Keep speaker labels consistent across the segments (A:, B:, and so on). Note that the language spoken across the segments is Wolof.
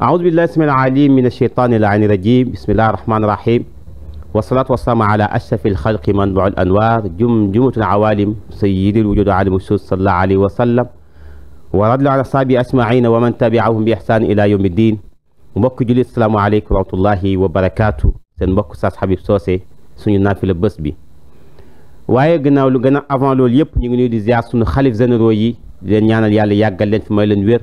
A: أعوذ بالله السميع العليم من الشيطان اللعين الرجيم بسم الله الرحمن الرحيم والصلاة والسلام على أشرف الخلق منبع الأنوار جمجمة العوالم سيد الوجود عالم السوس صلى الله عليه وسلم ورد على أصحابه أجمعين ومن تبعهم بإحسان إلى يوم الدين mbokk jullit salaamaaleykum wa rahmatullahi wa barakaatu seen mbokk Oustaz Habib Socé suñu naafila bés bi waaye gannaaw lu gën a avant loolu yëpp ñu ngi nuyu di ziar suñu xalif généraux yi di leen ñaanal yàlla yàggal leen fi may leen wér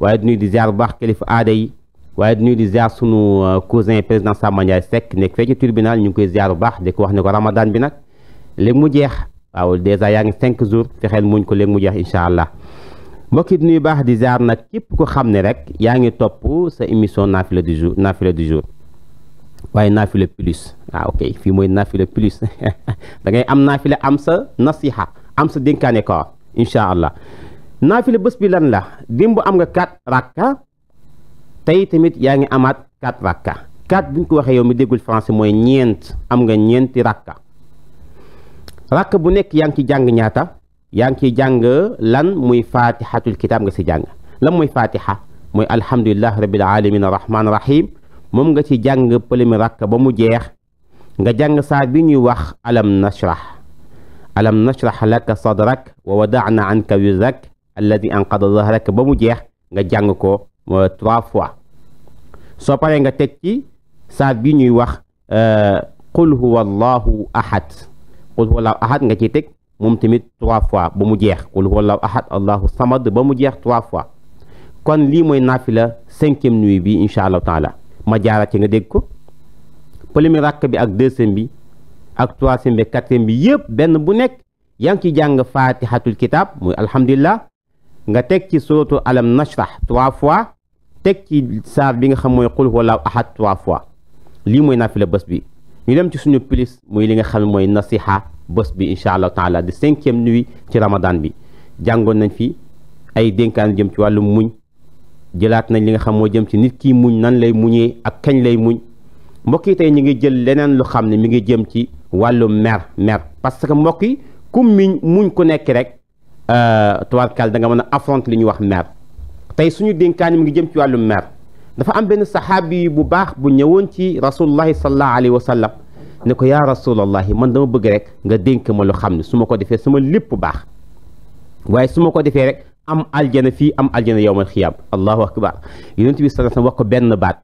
A: waaye di nuyu di ziar bu baax kilifa aada yi waaye di nuyu di ziar sunu euh, cousin président Samba Ndiaye Seck nekk fee ci tribunal ñu ngi koy ziar bu baax di ko wax ne ko ramadan bi nag léegi mu jeex waaw dèjà yaa ngi cinq jours fexeel muñ ko léegi mu jeex incha allah mbokk yi di nuyu baax di ziar nag képp ko xam ne rek yaa ngi topp sa émission naafila du jour naafila du jour waaye naafila plus waaw ah, ok fii mooy naafila plus da ngay am naafila am sa nasiha am sa dénkaane ko incha allah naafila bés bi lan la démb am nga 4 rakka tey tamit yaa ngi amaat 4 rakka 4 bu ñu ko waxee yow mi déggul français mooy ñeent am nga ñeenti rakka rakka bu nekk yaa ngi ci jàng ñaata yaa ngi ciy jàng lan muy faatihatul kitaab nga ci jàng lan mooy faatiha mooy alhamdulilah rabil alamin arrahman rahim moom nga ci jàng pëlimi rakka ba mu jeex nga jàng saar bi ñuy wax alam nashrah alam nashrah laka sadrak wa wadana anka wizrak alladi anqada zahrak ba mu jeex nga jàng ko euh, trois fois soo paree nga teg ci saar bi ñuy wax euh, qul huwa allahu ahad nga ciy teg moom tamit trois fois ba mu jeex qul huwa allahu ahad samad ba mu jeex trois fois kon lii mooy naafila cinquième nuit bi incha allahu taala ma jaara ci nga dégg ko premier rakk bi ak deuxième bi ak troisième bi quatrième bi yëpp benn bu nekk yaa ngi ci jàng faatihatul kitab muy alhamdulillah nga teg ci suratu alam nashrah trois fois teg ci saar bi nga xam mooy qul huwallahu ahad trois fois lii mooy naafila bës bi ñu dem ci suñu plus muy li nga xam mooy nasiha bés bi incha allahu taala di cinquième nuit ci ramadaan bi jàngoon nañ fi ay dénkaan jëm ci wàllu muñ jëlaat nañ li nga xam moo jëm ci nit kii muñ nan lay muñee ak kañ lay muñ mbokk yi tey ñu ngi jël leneen lu xam ne mi ngi jëm ci wàllu mer mer parce que mbokk yi ku miñ muñ ku nekk rek Euh, tubaarkal danga nga mën a affronter li ñuy wax mer tey suñu dénkaani mu ngi jëm ci wàllu mer dafa am benn yi bu baax bu ñëwoon ci rasulullahi sallallahu alayhi wa sallam ne ko yaa rasulallahi man dama bëgg rek nga dénk ma lu xam ne su ma ko defee sama lépp baax waaye su ma ko defee rek am aljana fii am aljana yowmal xiyaam allahu akbar yonent bi sallallahu alayhi wa sallam wax ko benn baat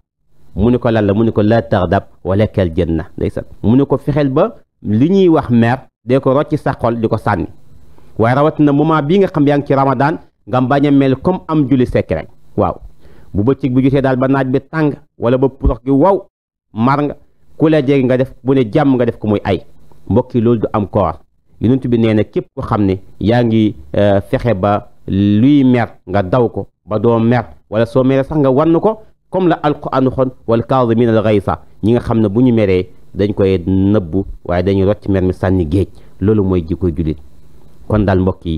A: mu ne ko lan la mu ne ko la tardab wala kal janna ndeysaan mu ne ko fexeel ba li ñuy wax mer dee ko rocci sa xol di ko sànni waaye rawatina moment bii nga xam yaa ngi ci ramadan nga bañ a mel comme am julli sekk rek waaw bu bëccëg bu jotee daal ba naaj bi tàng wala ba purox gi wow mar nga ku la jege nga def bu ne jàmm nga def ko muy ay mbokki loolu du am koor yonent bi nee na képp ko xam ni yaa ngi euh, fexe ba luy mer nga daw ko ba doo mer wala soo meree sax nga wann ko comme la alquran xoon wal kaazimina al sax ñi nga xam ne bu ñu meree dañ koy nëbbu waaye dañuy rocc mer mi sànni géej loolu mooy jikko jullit kon daal mbokk yi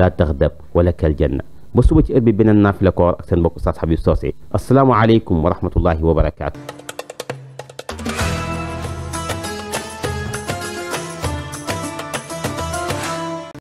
A: laa taxdab wala kal janna ba suba ci heure bi beneen naafila koor ak seen mbokk Oustaz Habib Socé asalaamaaleykum wa rahmatullahi wa barakaatu.